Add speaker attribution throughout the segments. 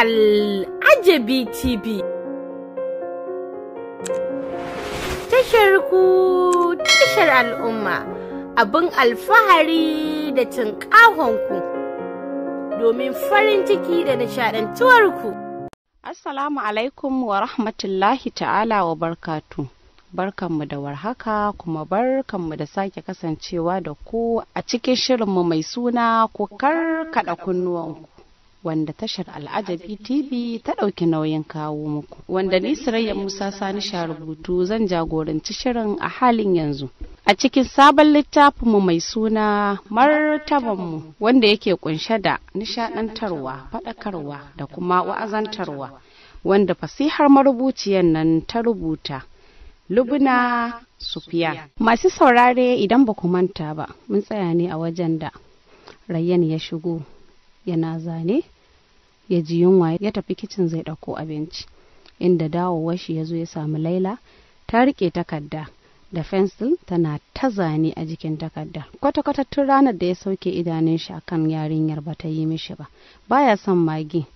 Speaker 1: Al'ajabi TV. Tashar ku tashar al'umma abin alfahari da cin ku domin farin ciki da nishaɗantuwarku. Assalamu alaikum wa rahmatullahi ta'ala wa barkatu. Barkanmu da warhaka kuma barkanmu da sake kasancewa da ku a cikin shirinmu mai suna ku karkada kunnuwanku. wanda tashar al'ajabi tv ta ɗauki nauyin kawo muku wanda ni sirayya musa sani sha rubutu zan jagoranci shirin a halin yanzu a cikin sabon littafinmu mai suna martabanmu wanda yake kunshe da nishaɗantarwa, faɗakarwa da kuma wa'azantarwa wanda fasihar marubuciyar nan ta rubuta lubna sufiya masu saurare idan ba ku manta ba mun tsaya ne a wajen da rayyan ya shigo yana zane ya ji yunwa ya tafi kicin zai ɗauko abinci inda dawowar shi ya zo ya samu laila ta riƙe takarda da fensil tana ta zane a jikin takarda kwata-kwata tun ranar da ya sauke idanun shi akan yarinyar ba ta yi mishi ba baya son magi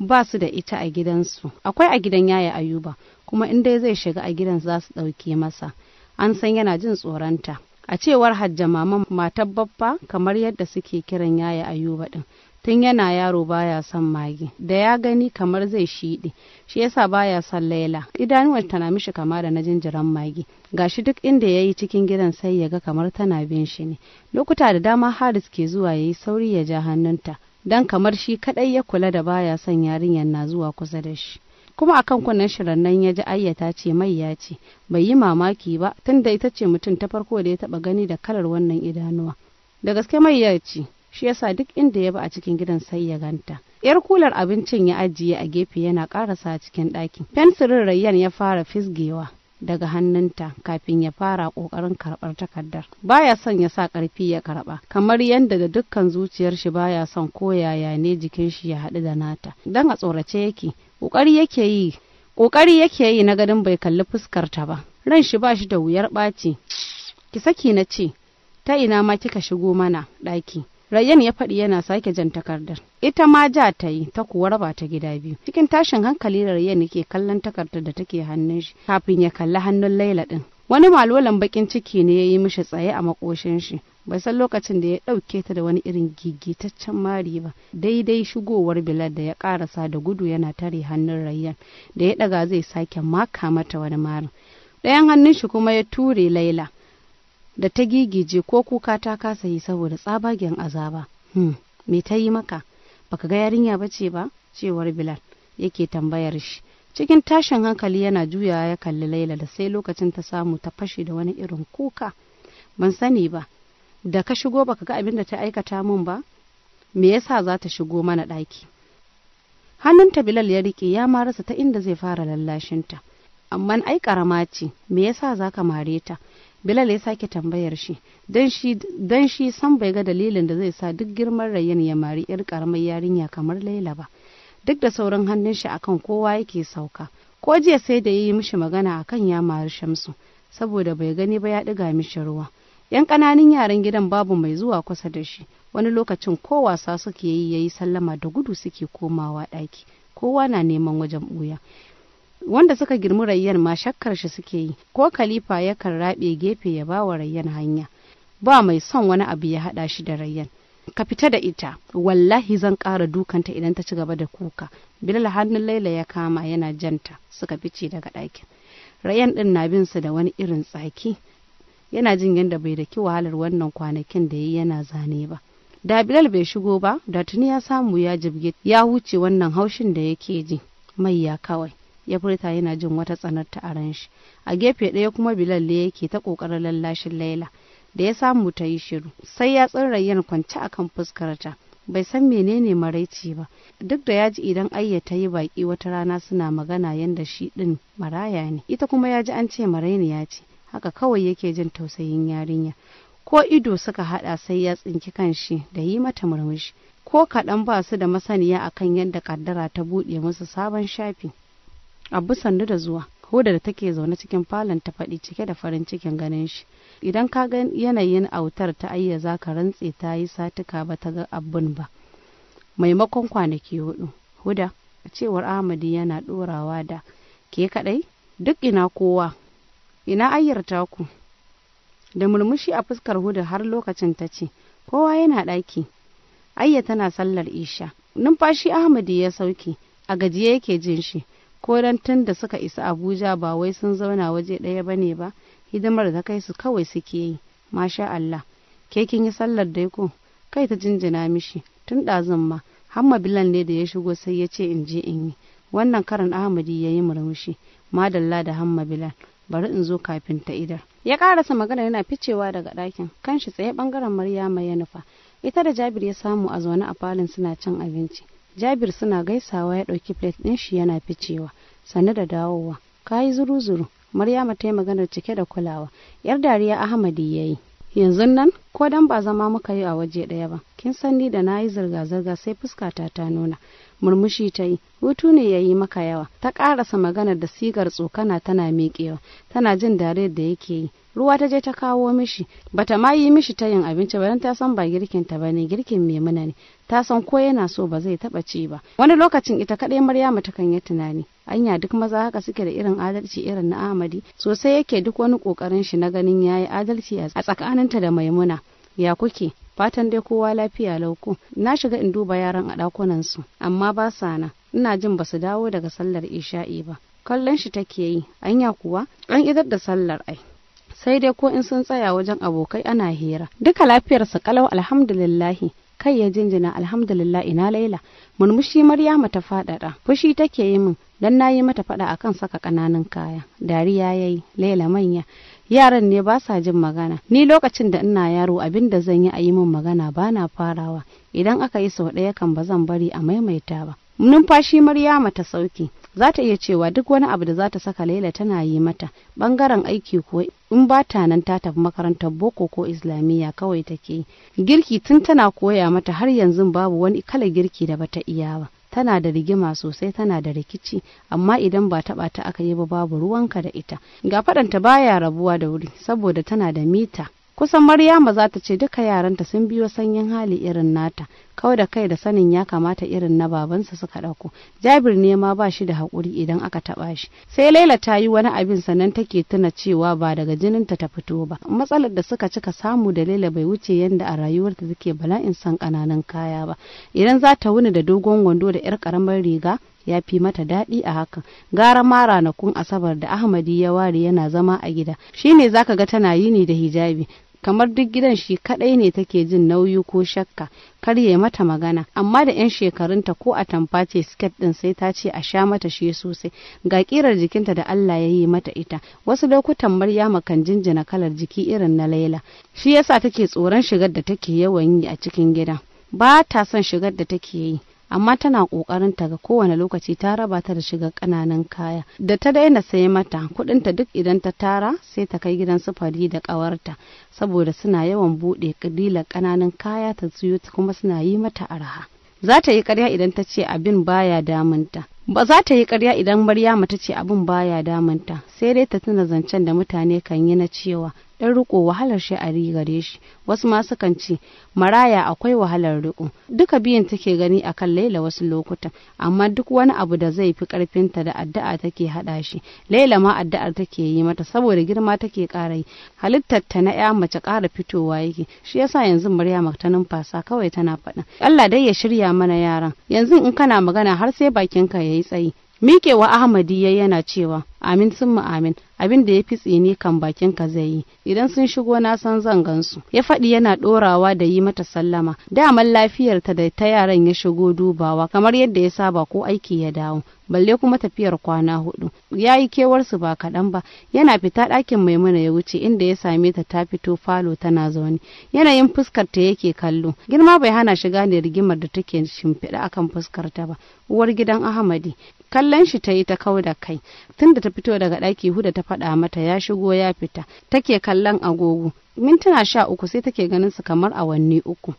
Speaker 1: ba su da ita a gidansu akwai a gidan yaya ayuba kuma in dai zai shiga a gidan za su ɗauke masa an san yana jin tsoronta a cewar hajja maman matar babba kamar yadda suke kiran yaya ayuba din tun yana yaro baya son magi da ya gani kamar zai shiɗi, shi yasa baya son laila idanuwar tana mishi kama da na jinjiran mage gashi duk inda ya yi cikin gidan sai ya ga kamar tana bin shi ne lokuta da dama haris ke zuwa ya yi sauri ya ja hannunta dan kamar shi kaɗai ya kula da baya son yarinyar na zuwa kusa da shi kuma akan kunnen shirin nan ya ji ayyata ce mai ya ce bai yi mamaki ba tunda ita ce mutum ta farko da ya taɓa gani da kalar wannan idanuwa da gaske mai ya ce shi yasa duk inda ya bi a cikin gidan sai ya ganta yar kular abincin ya ajiye a gefe yana karasa cikin ɗakin fensirin rayyan ya fara fisgewa daga hannunta kafin ya fara ƙoƙarin karɓar takardar baya son ya sa karfi ya karba kamar yadda da dukkan zuciyar shi baya son ko yaya ne jikin shi ya haɗu da nata dan a tsorace yake kokari yake yi kokari yake yi na gadin bai kalli fuskar ta ba ran shi ba shi da wuyar ɓaci ki saki na ce ta ina ma kika shigo mana ɗaki Rayyan ya faɗi yana sake jan takardar. Ita ma ja ta yi ta kuwa raba ta gida biyu. Cikin tashin hankali Rayyan yake kallon takardar da take hannun shi kafin ya kalli hannun Laila din. Wani malolan bakin ciki ne ya yi mishi tsaye a makoshin shi. Bai san lokacin da ya ɗauke ta da wani irin gigitaccen mari ba. Daidai shigowar Bilal da ya ƙarasa da gudu yana tare hannun Rayyan da ya ɗaga zai sake maka mata wani marin. Ɗayan hannun shi kuma ya ture Laila. da ta gigije ko kuka ta kasa yi saboda tsabagen azaba hmm. me ta yi maka baka ga yarinya ba ce ba cewar bilal yake tambayar shi cikin tashin hankali yana juyawa ya kalli laila da sai lokacin ta samu ta fashe da wani irin kuka ban sani ba da ka shigo baka ga abin da ta aikata min ba me yasa za ta shigo mana ɗaki hannunta bilal ya rike ya marasa ta inda zai fara lallashinta Amman ai karama ce me yasa za ka mare ta bilal ya sake tambayar shi don shi san bai ga dalilin da zai sa duk girman rayyan ya mari yar karamar yarinya kamar laila ba duk da sauran hannun shi akan kowa yake sauka ko jiya sai da yi mishi magana akan ya mari shamsu saboda bai gani ba ya ɗiga mishi ruwa yan ƙananan yaran gidan babu mai zuwa kusa da shi wani lokacin ko wasa suke yi ya yi sallama da gudu suke komawa ɗaki kowa na neman wajen ɓuya wanda suka girmi rayyan ma shakkar shi suke yi ko khalifa yakan raɓe gefe ya ba wa rayyan hanya ba mai son wani abu ya haɗa shi da rayyan ka fita da ita wallahi zan ƙara dukanta idan ta ci gaba da kuka bilal hannun laila ya kama yana janta suka fice daga ɗakin Rayyan ɗin na bin su da wani irin tsaki yana jin yadda bai daki wahalar wannan kwanakin da ya yana zane ba da bilal bai shigo ba da tuni ya samu ya jibge ya wuce wannan haushin da yake ji mai ya kawai ya furta yana jin wata tsanar ta aran shi a gefe ɗaya kuma bilal ne yake ta ƙoƙarin lallashin laila da ya samu ta yi shiru sai ya tsirrayen kwance kan fuskarta bai san menene maraici ba duk da ya ji idan ayya ta yi baki wata rana suna magana yanda shi ɗin maraya ne ita kuma ya ji an ce marainiya ce haka kawai yake jin tausayin yarinya ko ido suka haɗa sai ya tsinki kan shi da yi mata murmushi ko kaɗan ba su da masaniya akan yadda kaddara ta buɗe musu sabon shafi abu sannu da zuwa hoda da take zaune cikin falon ta faɗi cike da farin cikin ganin shi idan ka ga yanayin autar ta ayya za ka rantse ta yi satuka ba ta ga abun ba maimakon kwanaki hudu huda cewar ahmadi yana ɗorawa da ke kaɗai duk ina kowa ina ayyar taku da murmushi a fuskar huda har lokacin ta ce kowa yana ɗaki ayya tana sallar isha numfashi ahmadi ya sauke a gajiye yake jin shi ko dan tun da suka isa abuja ba wai sun zauna waje ɗaya ba ne ba hidimar da kai su kawai suke yi masha allah ke kin yi sallar dai ko kai ta jinjina mishi tun ɗazun ma hamma bilan ne da ya shigo sai ya ce in je in yi wannan karan ahmadi ya yi murmushi madalla da hamma bilan bari in zo kafin ta idar ya karasa magana yana ficewa daga ɗakin kanshi tsaye bangaren maryama ya nufa ita da jabir ya samu a zaune a falin suna cin abinci jabir suna gaisawa ya ɗauki plate ɗin shi yana ficewa sannu da dawowa Ka yi zuru zuru maryama ta yi maganar cike da kulawa yar dariya ahmadi ya yi yanzu nan ko dan ba zama muka yi a waje ɗaya ba kin san ni da na yi zirga-zirga sai fuskata ta nuna murmushi ta yi hutu ne ya yi maka yawa ta ƙarasa maganar da sigar tsokana tana miƙewa tana jin dariyar da yake yi ruwa ta je ta kawo mishi bata ma yi mishi ta yin abinci ba don ta san ba girkin ta bane girkin muna ne ta san ko yana so ba zai taba ci ba wani lokacin ita kadai Maryamu ta kan yi tunani anya duk maza haka suke da irin adalci irin na Amadi? sosai yake duk wani kokarin shi na ganin yayi adalci a tsakaninta da Maimuna ya kuke fatan dai kowa lafiya lauko na shiga in duba yaran a ɗakunan su amma ba sa na ina jin basu dawo daga sallar isha'i ba kallon shi take yi anya kuwa an idar da sallar ai sai dai ko in sun tsaya wajen abokai ana hira duka lafiyarsa kalau alhamdulillahi kai ya jinjina alhamdulillah ina laila murmushi maryama ta faɗaɗa fushi take yi min dan nayi mata faɗa akan saka ƙananan kaya dariya yayi laila manya yaran ne ba sa jin magana ni lokacin da ina yaro abin da zan yi a yi min magana ba na farawa idan aka yi sau ɗaya kan ba zan bari a maimaita ba numfashi maryama ta sauki za ta iya cewa duk wani abu da za ta saka laila tana yi mata bangaren aiki ko in ba ta nan ta tafi makarantar boko ko islamiyya kawai take yi girki tun tana koya mata har yanzu babu wani kala girki da bata iya ba tana da rigima sosai tana da rikici amma idan ba taba ta aka yi ba babu ruwanka da ita ga faɗanta baya rabuwa da wuri saboda tana da mita kusan maryama za ta ce duka yaranta sun biyo sanyin hali irin nata kawai da kai da sanin ya kamata irin na babansa suka ɗauko jabir ne ma ba shi da haƙuri idan aka taɓa shi sai laila ta yi wani abin sannan take tuna cewa ba daga jinin ta ta fito ba matsalar da suka cika samu da laila bai wuce yadda a rayuwarta take bala'in san ƙananan kaya ba idan za ta wuni da dogon wando da 'yar ƙaramar riga ya fi mata daɗi a hakan gara ma ranakun asabar da ahmadi ya ware yana zama a gida shine zaka ga tana yini da hijabi kamar duk gidan shi kadai ne take jin nauyi ko shakka kar ya mata magana amma da yan shekarunta ko a tamfa ce siket din sai ta ce a sha mata shi sosai ga kirar jikinta da Allah ya yi mata ita wasu lokutan Maryam kan jinjina kalar jiki irin na Laila shi yasa take tsoron shigar da take yawan yi a cikin gida ba ta son shigar da take yi amma tana kokarin ta ga kowane lokaci ta raba ta da shiga ƙananan kaya da ta daina sai mata kudin ta duk idan ta tara sai ta kai gidan sufari da ƙawarta, saboda suna yawan buɗe kadilar kananan kaya ta siyo kuma suna yi mata arha za ta yi ƙarya idan ta ce abin baya damunta ba za ta yi ƙarya idan Maryama ta ce abin baya damunta sai dai ta tuna zancen da mutane kan yi na cewa ɗan riko wahalar sha'ari gare shi wasu ma sukan ce maraya akwai wahalar riko duka biyan take gani akan laila wasu lokutan amma duk wani abu da zai fi ƙarfinta da addu'a take haɗa shi laila ma addu'ar take yi mata saboda girma take ƙara yi halittar ta na ya mace ƙara fitowa yake shi yasa yanzu Maryama ta numfasa kawai tana faɗa Allah dai ya shirya mana yaran yanzu in kana magana har sai bakin bakinka yayi tsayi miƙewa Ahmadi yayi yana cewa amin sun mu amin abin da ya fi tsini kan bakin ka zai yi idan sun shigo na san zan gansu ya faɗi yana ɗorawa da yi mata sallama daman lafiyar ta da ta yaran ya shigo dubawa kamar yadda ya saba ko aiki ya dawo balle kuma tafiyar kwana hudu ya yi kewarsu ba kaɗan ba yana fita ɗakin maimuna ya wuce inda ya same ta ta fito falo tana zaune yanayin fuskar ta yake kallo girma bai hana shiga ne rigimar da take shimfiɗa akan fuskar ta ba uwar gidan ahmadi kallon shi ta yi ta kau da kai tunda ta fito daga ɗaki huda ta faɗa mata ya shigo ya fita take kallon agogo mintuna sha uku sai take ganin su kamar awanni uku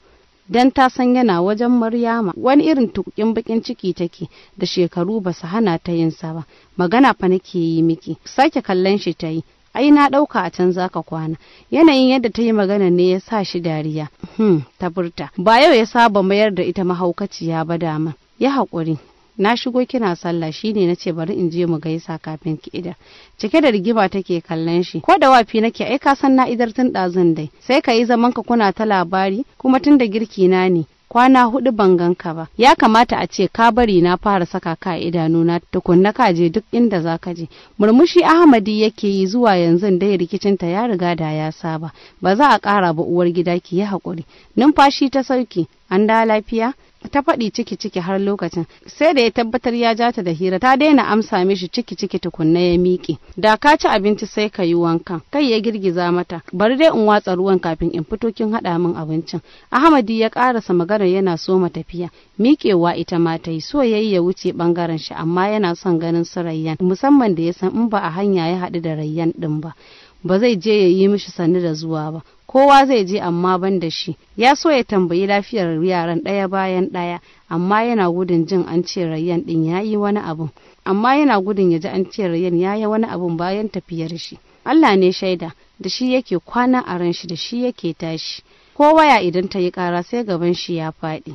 Speaker 1: dan ta san yana wajen Maryama wani irin tukin bakin ciki take da shekaru ba su hana ta yin sa ba magana fa nake yi miki sake kallon shi ta yi ai na ɗauka a can zaka kwana yanayin yadda ta yi magana ne ya sa shi dariya hmm ta furta ba yau ya saba mayar da ita mahaukaciya ba dama ya haƙuri na shigo kina sallah shine nace bari in je mu gaisa kafin ki ida cike da rigima take kallon shi ko da wafi nake ai ka san na idar tun ɗazun dai sai ka yi zaman ka kuna ta labari kuma tun da girki na ne kwana hudu ban ganka ba ya kamata a ce ka bari na fara saka ka idanuna tukunna ka je duk inda za ka je murmushi ahmadi yake yi zuwa yanzu dai rikicinta ya riga da ya saba ba za a kara ba uwar gida ki yi haƙuri numfashi ta sauki an da lafiya ta faɗi ciki ciki har lokacin sai da ya tabbatar ya ja ta da hira ta daina amsa mishi ciki ciki tukunna ya miƙe da ka ci abinci sai ka yi wanka kai ya girgiza mata bari dai in watsa ruwan kafin in fito kin haɗa min abincin ahmadi ya ƙarasa maganar yana so tafiya miƙewa ita ma ta yi so yayi ya wuce bangaren shi amma yana son ganin su rayyan musamman da ya san in ba a hanya ya haɗu da rayyan ɗin ba ba zai je ya yi mishi sannu da zuwa ba kowa zai je amma ban da shi ya so ya tambayi lafiyar yaran ɗaya bayan ɗaya amma yana gudun jin an ce rayyan ɗin ya yi wani abun amma yana gudun ya ji an ce rayyan ya yi wani abun bayan tafiyar shi Allah ne shaida da shi yake kwana a ran shi da shi yake tashi Kowa ya idan ta yi ƙara sai gaban shi ya faɗi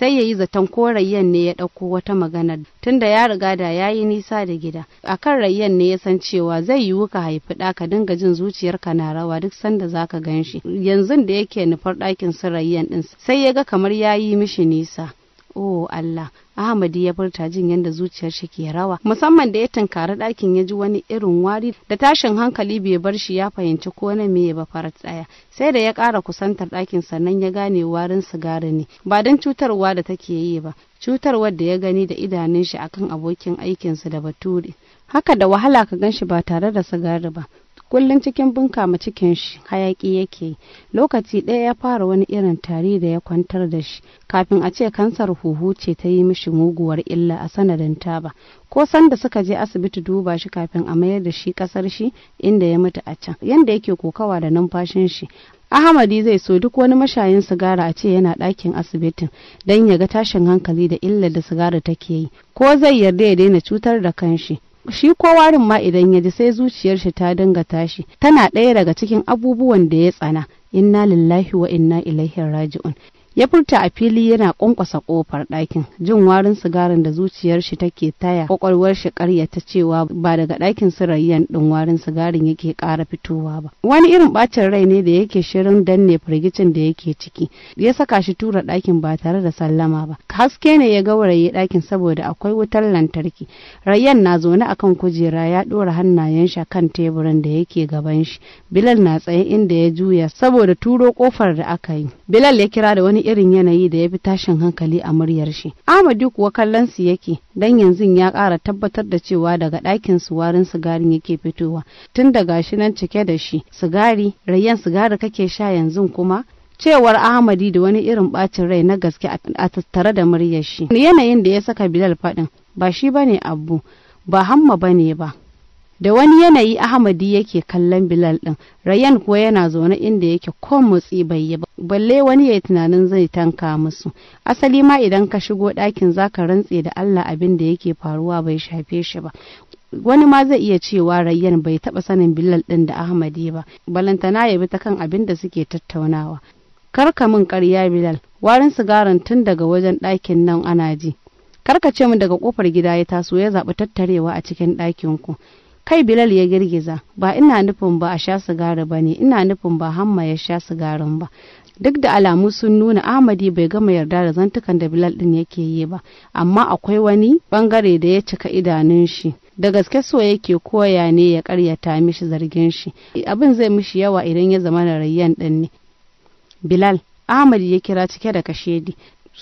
Speaker 1: sai ya yi zaton ko rayyan ne ya ɗauko wata magana tunda ya riga da ya yi nisa da gida A kan rayyan ne ya san cewa zai yiwu ka haifi ɗa dinga jin zuciyarka na rawa duk sanda za ka gan shi yanzu da yake nufar ɗakin su rayyan ɗin sai ya ga kamar ya yi mishi nisa oh Allah Ahmadi ya furta jin yadda zuciyar shi ke rawa musamman da ya tunkari ɗakin ya ji wani irin wari da tashin hankali bai bar shi ya fahimci ko na me ba farat tsaya sai da ya ƙara kusantar ɗakin sannan ya gane warin sigari ne ba don cutarwa da take yi ba cutarwar da ya gani da idanun shi akan abokin aikinsa da bature haka da wahala ka gan shi ba tare da sigari ba kullum cikin bunka ma cikin shi hayaki yake lokaci ɗaya ya fara wani irin tari da ya kwantar da shi kafin a ce kansar huhu ce ta yi mishi muguwar illa a sanadin taba ko sanda suka je asibiti duba shi kafin a mayar da shi kasar shi inda ya mutu a can yanda yake kokawa da numfashin shi Ahmadi zai so duk wani mashayin sigara a ce yana ɗakin asibitin don ya ga tashin hankali da illar da sigara take yi ko zai yarda ya daina cutar da kanshi shi ko warin ma idan ya ji sai zuciyar shi ta dinga tashi tana ɗaya daga cikin abubuwan da ya tsana inna lillahi wa inna ilaihi raji'un ya furta a fili yana ƙwanƙwasa ƙofar ɗakin jin warin sigarin da zuciyar shi take taya ƙwaƙwalwar shi ta cewa ba daga ɗakin sirayyan ɗin warin sigarin yake ƙara fitowa ba wani irin ɓacin rai ne da yake shirin danne firgicin da yake ciki ya saka shi tura ɗakin ba tare da sallama ba haske ne ya gauraye ɗakin saboda akwai wutar lantarki rayyan na zaune a kan kujera ya ɗora hannayen shi kan teburin da yake gaban shi bilal na tsaye inda ya juya saboda turo ƙofar da aka yi bilal ya kira da wani wani irin yanayi da ya fi tashin hankali a muryar shi amadu kuwa kallon su yake dan yanzu ya ƙara tabbatar da cewa daga ɗakin su warin sigarin yake fitowa tun da gashi nan cike da shi sigari rayyan sigari kake sha yanzu kuma cewar Ahmadi da wani irin bacin rai na gaske a tattare da muryar shi yanayin da ya saka Bilal faɗin ba shi bane abu ba hamma bane ba da wani yanayi ahmadi yake kallon bilal din rayan kuwa yana zaune inda yake kon motsi bai yi balle wani ya yi tunanin zai tanka musu asali ma idan ka shigo ɗakin zaka rantse da allah abin da yake faruwa bai shafe shi ba wani ma zai iya cewa rayyan bai taba sanin bilal din da ahmadi ba balantana ya bi ta kan abin da suke tattaunawa karka min karya bilal warin sigarin tun daga wajen ɗakin nan ana ji karka ce min daga kofar gida ya taso ya zaɓi tattarewa a cikin ɗakin ku kai bilal ya girgiza ba ina nufin ba a sha sigari ba ne ina nufin ba hamma ya sha sigarin ba duk da alamu sun nuna ahmadi bai gama yarda da zantukan da bilal din yake yi ba amma akwai wani bangare da ya cika idanun shi da gaske so yake koya ne ya karyata mishi zargin shi abin zai mishi yawa idan ya zama na rayyan din ne bilal ahmadi ya kira cike da kashedi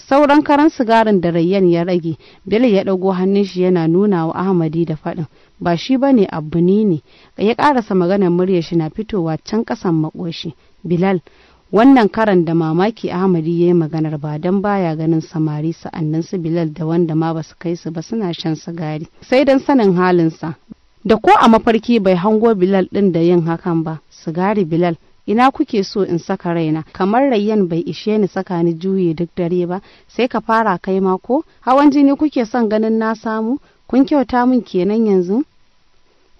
Speaker 1: sauran karan sigarin da rayyan ya rage bilal ya ɗago hannun shi yana nuna wa ahmadi da faɗin ba shi ba ne abu ni ne ya karasa maganar murya shi na fitowa can kasan makoshi bilal wannan karan da mamaki ahmadi ya yi maganar ba don baya ganin samari sa'annan su bilal da wanda ma ba su kai su ba suna shan sigari sai don sanin halinsa da ko a mafarki bai hango bilal din da yin hakan ba sigari bilal ina kuke so in saka raina kamar rayyan bai ishe ni saka ni juye duk dare ba sai ka fara kai ma ko hawan jini kuke son ganin na samu kun kyauta min kenan yanzu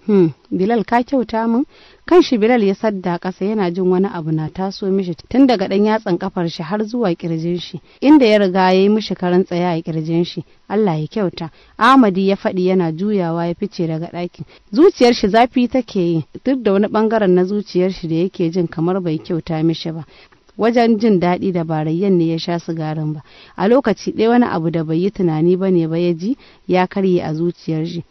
Speaker 1: hmm bilal ka kyauta min kan shi bilal ya sadda ƙasa yana jin wani abu na taso mishi tun daga ɗan yatsan ƙafar shi har zuwa ƙirjin shi inda ya riga ya yi mishi karan tsaya a ƙirjin shi Allah ya kyauta Ahmadi ya faɗi yana juyawa ya fice daga ɗakin zuciyar shi zafi take yi duk da wani ɓangaren na zuciyar shi da yake jin kamar bai kyauta mishi ba wajen jin daɗi da barayyan ne ya sha sigarin ba a lokaci ɗaya wani abu da bai yi tunani ba ne ba ya ji ya karye a zuciyar shi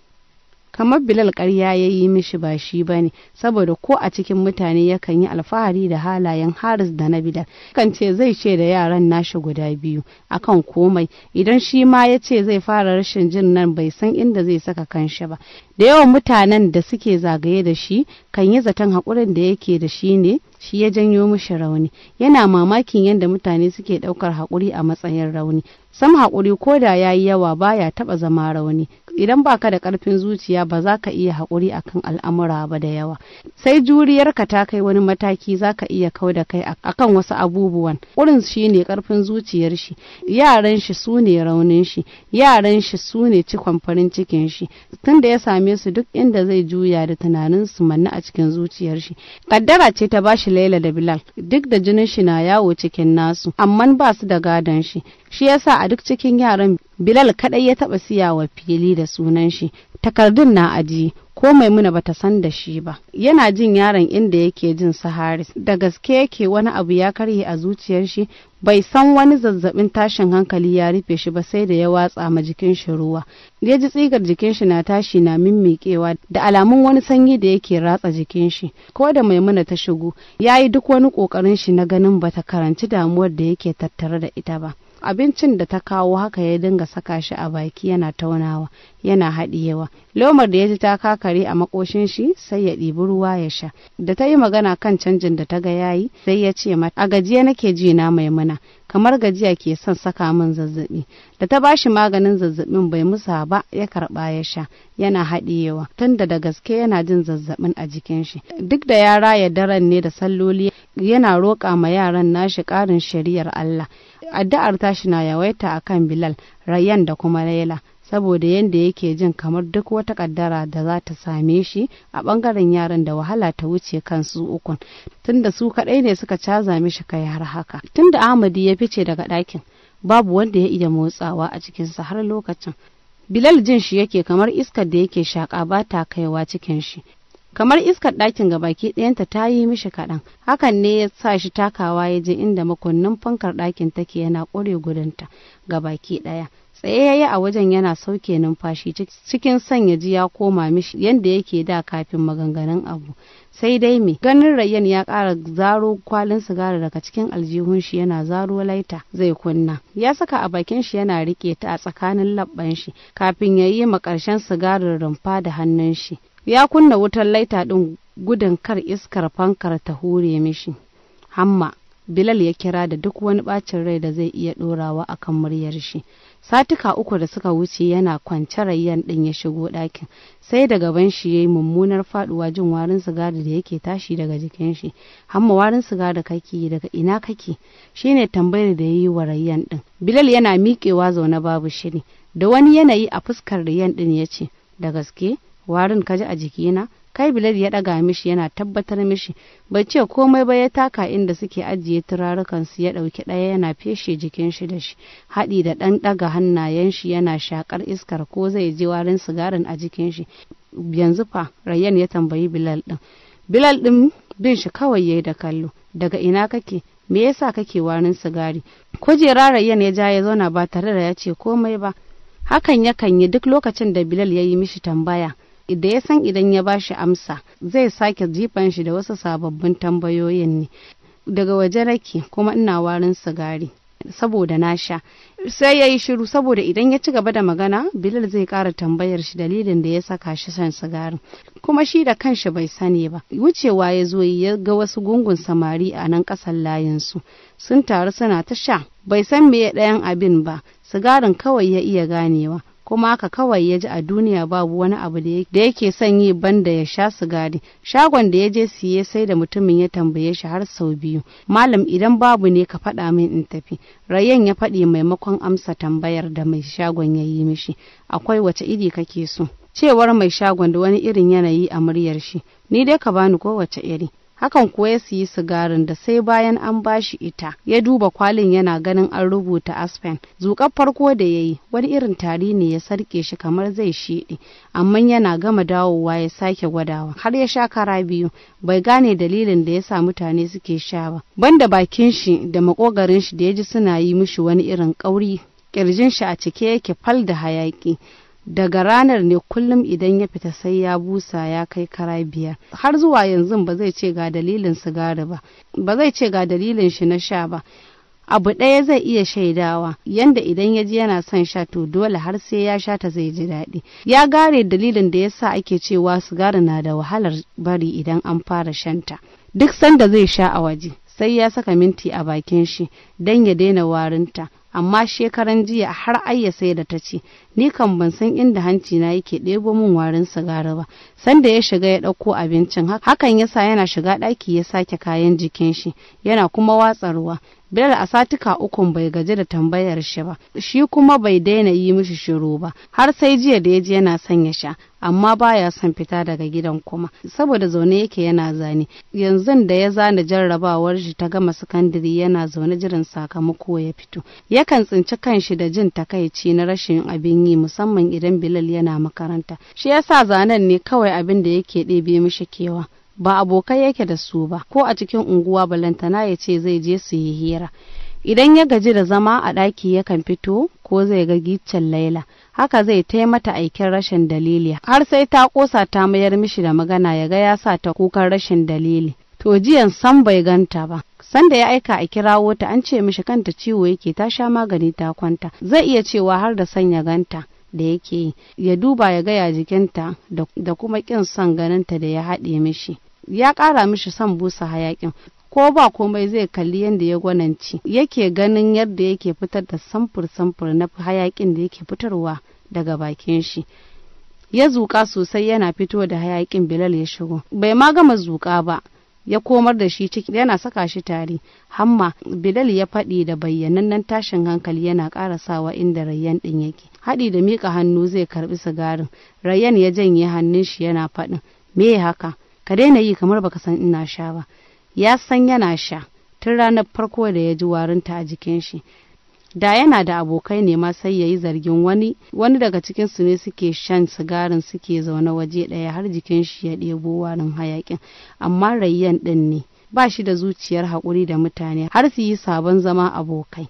Speaker 1: kamar bilal ƙarya ya yi mishi ba shi ba ne saboda ko a cikin mutane yakan yi alfahari da halayen haris da na bilal kan ce zai ce da yaran nashi guda biyu akan komai idan shi ma ya ce zai fara rashin jin nan bai san inda zai saka kanshi ba da yawan mutanen da suke zagaye da shi kan yi zaton haƙurin da yake da shi ne shi ya janyo mishi rauni yana mamakin yadda mutane suke ɗaukar haƙuri a matsayin rauni sam haƙuri ko da ya yi yawa baya taɓa zama rauni idan baka da ƙarfin zuciya ba za ka iya haƙuri akan al'amura ba da yawa sai juriyarka ta kai wani mataki za ka iya kau da kai akan wasu abubuwan ƙurin shi ne ƙarfin zuciyar shi yaran shi su ne raunin shi yaran shi su ne cikon farin cikin shi Tunda ya same su duk inda zai juya da tunanin su manna a cikin zuciyar shi kaddara ce ta bashi shi Laila da Bilal duk da jinin shi na yawo cikin nasu amma ba su da gadon shi shi yasa a duk cikin yaran Bilal kadai ya taba siya wa fili da sunan shi takardun na ajiye ko maimuna bata san da shi ba yana jin yaron inda yake jin su haris da gaske yake wani abu ya karye a zuciyar shi bai san wani zazzabin tashin hankali ya rufe shi ba sai da ya watsa ma jikin shi ruwa ya ji tsigar jikin shi na tashi na mimmiƙewa da alamun wani sanyi da yake ratsa jikin shi ko da maimuna ta shigo ya yi duk wani ƙoƙarin shi na ganin bata karanci damuwar da yake tattare da ita ba abincin da ta kawo haka ya dinga saka shi a baki yana taunawa yana haɗiyewa lomar da ya ji ta kakare a makoshin shi sai ya ɗibi ruwa ya sha da ta yi magana kan canjin da ta ga yayi sai ya ce mata a gajiya nake ji na maimuna kamar gajiya ke son saka min zazzabi da ta ba shi maganin zazzabin bai musa ba ya karɓa ya sha yana haɗiyewa tunda da gaske yana jin zazzabin a jikin shi duk da yara ya daren ne da salloli yana roƙa ma yaran nashi ƙarin shari'ar Allah addu'ar tashi na yawaita a kan bilal rayyan da kuma laila saboda yadda yake jin kamar duk wata kaddara da za ta same shi a ɓangaren yaran da wahala ta wuce kan su ukun tunda su kaɗai ne suka caza mishi kai har haka tunda ahmadi ya fice daga ɗakin babu wanda ya iya motsawa a cikinsa har lokacin bilal jin shi yake kamar iskar da yake shaƙa ba ta kaiwa cikin shi kamar iskar ɗakin ga baki ɗayanta ta yi mishi kaɗan hakan ne ya sa shi takawa ya je inda makunnin fankar ɗakin take yana ƙure ga baki ɗaya tsaye ya yi a wajen yana sauke numfashi cikin son ya ji ya koma mishi yadda yake da kafin maganganun abu sai dai me ganin rayyan ya ƙara zaro kwalin sigari daga cikin aljihun shi yana zaro laita zai kunna ya saka a bakin shi yana rike ta a tsakanin labban shi kafin ya yi ma ƙarshen sigarin rumfa da hannun shi ya kunna wutar laita ɗin gudun kar iskar fankar ta hure mishi hamma bilal ya kira da duk wani bacin rai da zai iya ɗorawa kan muryar shi satuka uku da suka wuce yana kwance rayyan ɗin ya shigo ɗakin sai da gaban shi ya yi mummunar faɗuwa jin warin sigari da yake tashi daga jikin shi hamma warin sigari kake daga ina kake shine tambayar da ya yi wa rayyan ɗin bilal yana miƙewa zaune babu shiri da wani yanayi a fuskar rayyan ɗin ya ce da gaske warin kaji a jikina kai bilal ya daga mishi yana tabbatar mishi bai ce komai ba ya taka inda suke ajiye turarukan su ya ɗauki ɗaya yana feshe jikin shi da shi Hadi da ɗan ɗaga hannayen shi yana shakar iskar ko zai je warin sigarin a jikin shi yanzu fa rayyan ya tambayi bilal din. bilal din bin shi kawai yayi da kallo daga ina kake me yasa kake warin sigari kujera rayyan ya ja ya zauna ba tare da ya ce komai ba hakan yakan yi duk lokacin da bilal ya yi mishi tambaya da ya san idan ya bashi amsa zai sake jifan shi da wasu sababbin tambayoyin ne daga waje rake kuma ina warin sigari saboda na sha sai ya yi shiru saboda idan ya ci gaba da magana bilal zai kara tambayar shi dalilin da ya saka shi son sigarin kuma shi da kanshi bai sani ba wucewa ya zo ya ga wasu gungun samari a nan kasan layinsu sun taru suna ta sha bai san me ɗayan abin ba sigarin kawai ya iya ganewa kuma haka kawai ya ji a duniya babu wani abu da yake son yi banda ya sha sigari shagon da ya je siye sai da mutumin ya tambaye shi har sau biyu malam idan babu ne ka faɗa min in tafi rayan ya faɗi maimakon amsa tambayar da mai shagon ya yi mishi akwai wace iri kake so cewar mai shagon da wani irin yanayi a muryar shi ni dai ka bani kowace iri hakan kuwa ya siyi sigarin da sai bayan an bashi ita ya duba kwalin yana ganin an rubuta aspen zuƙar farko da ya yi wani irin tari ne ya sarke shi kamar zai shiɗe amma yana gama dawowa ya sake gwadawa har ya sha kara biyu bai gane dalilin da ya sa mutane suke sha ba banda bakin shi da makogarin shi da ya ji suna yi mishi wani irin ƙauri ƙirjin shi a cike yake fal da hayaƙi daga ranar ne kullum idan ya fita sai ya busa ya kai kara biyar har zuwa yanzu ba zai ce ga dalilin sigari ba ba zai ce ga dalilin shi na sha ba abu ɗaya zai iya shaidawa yanda idan ya ji yana son sha to dole har sai ya sha ta zai ji daɗi ya gare dalilin da ya yasa ake cewa sigari na da wahalar bari idan an fara shanta duk sanda zai sha a waje sai ya saka minti a bakin shi don ya daina warinta amma shekaran jiya har ayya sai da ta ce ni kan ban san inda hanci na yake ɗebo min warin sigari ba sanda ya shiga ya ɗauko abincin hakan yasa yana shiga ɗaki ya sake kayan jikin shi yana kuma watsa ruwa Bilal a satuka ukun bai gaji da tambayar shi ba, shi kuma bai daina yi mishi shiru ba, har sai jiya da ya ji yana son ya sha, amma baya son fita daga gidan kuma, saboda zaune yake yana zane, yanzu da ya zana jarrabawar shi ta gama sakandare yana zaune jiran sakamako ya fito. Yakan tsinci kanshi da jin takaici na rashin abin yi musamman idan Bilal yana makaranta, shi ya sa zanen ne kawai abin da yake ɗebe mishi kewa. ba abokai yake da su ba ko a cikin unguwa balantana ya ce zai je su yi hira idan ya gaji da zama a ɗaki yakan fito ko zai ga giccen laila haka zai tai mata aikin rashin dalili har sai ta ƙosa ta mayar mishi da magana ya ga ya sa ta kukan rashin dalili to jiyan san bai ganta ba sanda ya aika a kirawo ta an ce mishi kanta ciwo yake ta sha magani ta kwanta zai iya cewa har da sanya ganta da yake ya duba ya gaya jikinta da kuma ƙin son ganinta da ya haɗe mishi ya ƙara mishi son busa hayaƙin ko ba komai zai kalli yadda ya gwananci yake ganin yadda yake fitar da samfur-samfur na hayaƙin da yake fitarwa daga bakin shi ya zuƙa sosai yana fito da hayakin bilal ya shigo bai ma gama zuƙa ba ya komar da shi ciki yana saka shi tari. hamma bilal ya faɗi da bayyanannen tashin hankali yana karasawa inda rayyan ɗin yake haɗi da miƙa hannu zai karɓi sigarin rayyan ya janye hannun shi yana faɗin me haka ka daina yi kamar baka san ina sha ba ya san yana sha tun ranar farko da ya ji warinta a jikin shi da yana da abokai ne ma sai ya yi zargin wani wani daga su ne suke shan sigarin suke zaune waje ɗaya har jikin shi ya ɗebo warin hayakin amma rayyan ɗin ne ba shi da zuciyar haƙuri da mutane har su yi sabon zama abokai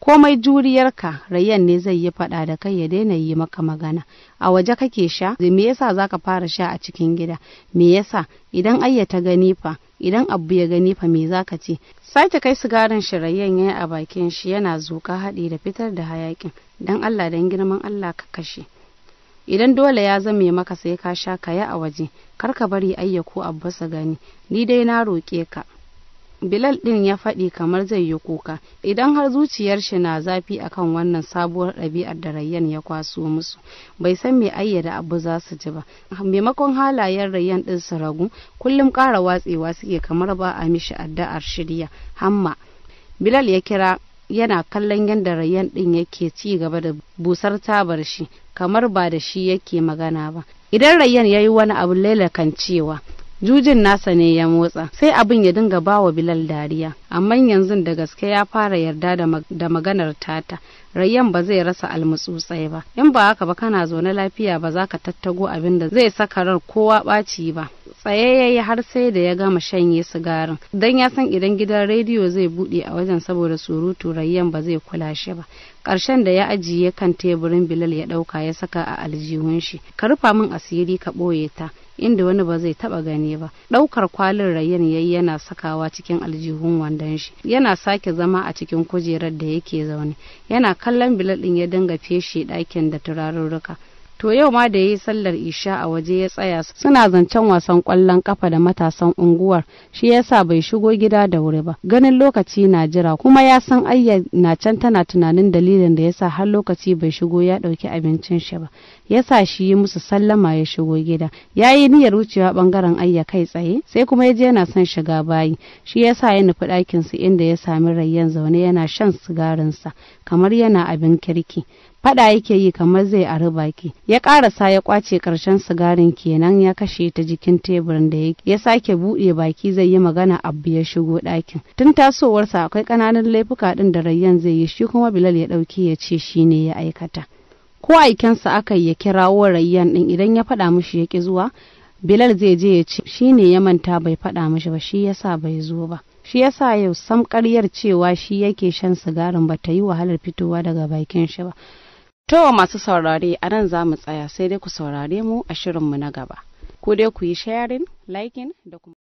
Speaker 1: komai juriyarka rayyan ne zai yi faɗa da kai ya daina yi maka magana a waje kake sha me yasa zaka fara sha a cikin gida me yasa idan ayya ta gani fa idan abu ya gani fa me zaka ce sake kai sigarin shi rayyan yayi a bakin shi yana zuka haɗi da fitar da hayakin dan Allah dan girman Allah ka kashe idan dole ya zame maka sai ka sha kaya a waje kar ka bari ayya ko abba gani ni dai na roƙe ka Bilal ɗin ya faɗi kamar zai yi kuka idan har zuciyar shi na zafi akan wannan sabuwar ɗabi'ar da Rayyan ya kwaso musu bai san me ayyada abu za su ji ba maimakon halayen Rayyan ɗin su ragu kullum ƙara watsewa suke kamar ba a mishi addu'ar shirya hamma Bilal ya kira yana kallon yadda Rayyan ɗin yake ci gaba da busar tabar shi kamar ba da shi yake magana ba idan Rayyan ya yi wani abu lailakan cewa jujin nasa ne ya motsa sai abin ya dinga bawa bilal dariya amma yanzu da gaske ya fara yarda da maganar tata rayyan ba zai rasa almutsu almutsutsai ba in ba haka ba kana zaune lafiya ba za ka tattago abin da zai saka rar kowa ɓaci ba tsaye ya yi har sai da ya gama shanye sigarin don ya san idan gidan rediyo zai buɗe a wajen saboda surutu rayyan ba zai kula shi ba ƙarshen da ya ajiye kan teburin bilal ya ɗauka ya saka a aljihun shi ka rufa min asiri ka ɓoye ta inda wani ba zai taba gani ba ɗaukar kwalin rayan yayi yana sakawa cikin aljihun wandon shi yana sake zama a cikin kujerar da yake zaune yana kallon bilal ɗin ya dinga feshe ɗakin da turarurruka to yau ma da ya yi sallar isha a waje ya tsaya suna zancen wasan kwallon kafa da matasan unguwar shi ya sa bai shigo gida da wuri ba ganin lokaci na jira kuma ya san ayya na can tana tunanin dalilin da ya sa har lokaci bai shigo ya ɗauki abincin shi ba Ya sa shi yi musu sallama ya shigo gida ya yi niyyar wucewa bangaren ayya kai tsaye sai kuma ya je yana son shiga bayi shi ya sa ya nufi ɗakin su inda ya sami rayyan zaune yana shan sigarinsa kamar yana abin kirki faɗa yake yi kamar zai ari baki ya ƙarasa ya kwace karshen sigarin kenan ya kashe ta jikin teburin da yake ya sake buɗe baki zai yi magana abu ya shigo ɗakin tun tasowarsa akwai ƙananan laifuka ɗin da rayyan zai yi shi kuma bilal ya ɗauki ya ce shi ne ya aikata ko aikensa aka ya kirawo rayyan ɗin idan ya faɗa mishi ya ƙi zuwa bilal zai je ya ce shi ne ya manta bai faɗa mishi ba shi yasa bai zo ba shi yasa yau sam ƙaryar cewa shi yake shan sigarin ba ta yi wahalar fitowa daga bakin shi ba To masu saurare a nan za mu tsaya sai dai ku saurare mu a shirinmu na gaba. Ku dai ku yi sharing, liking da kuma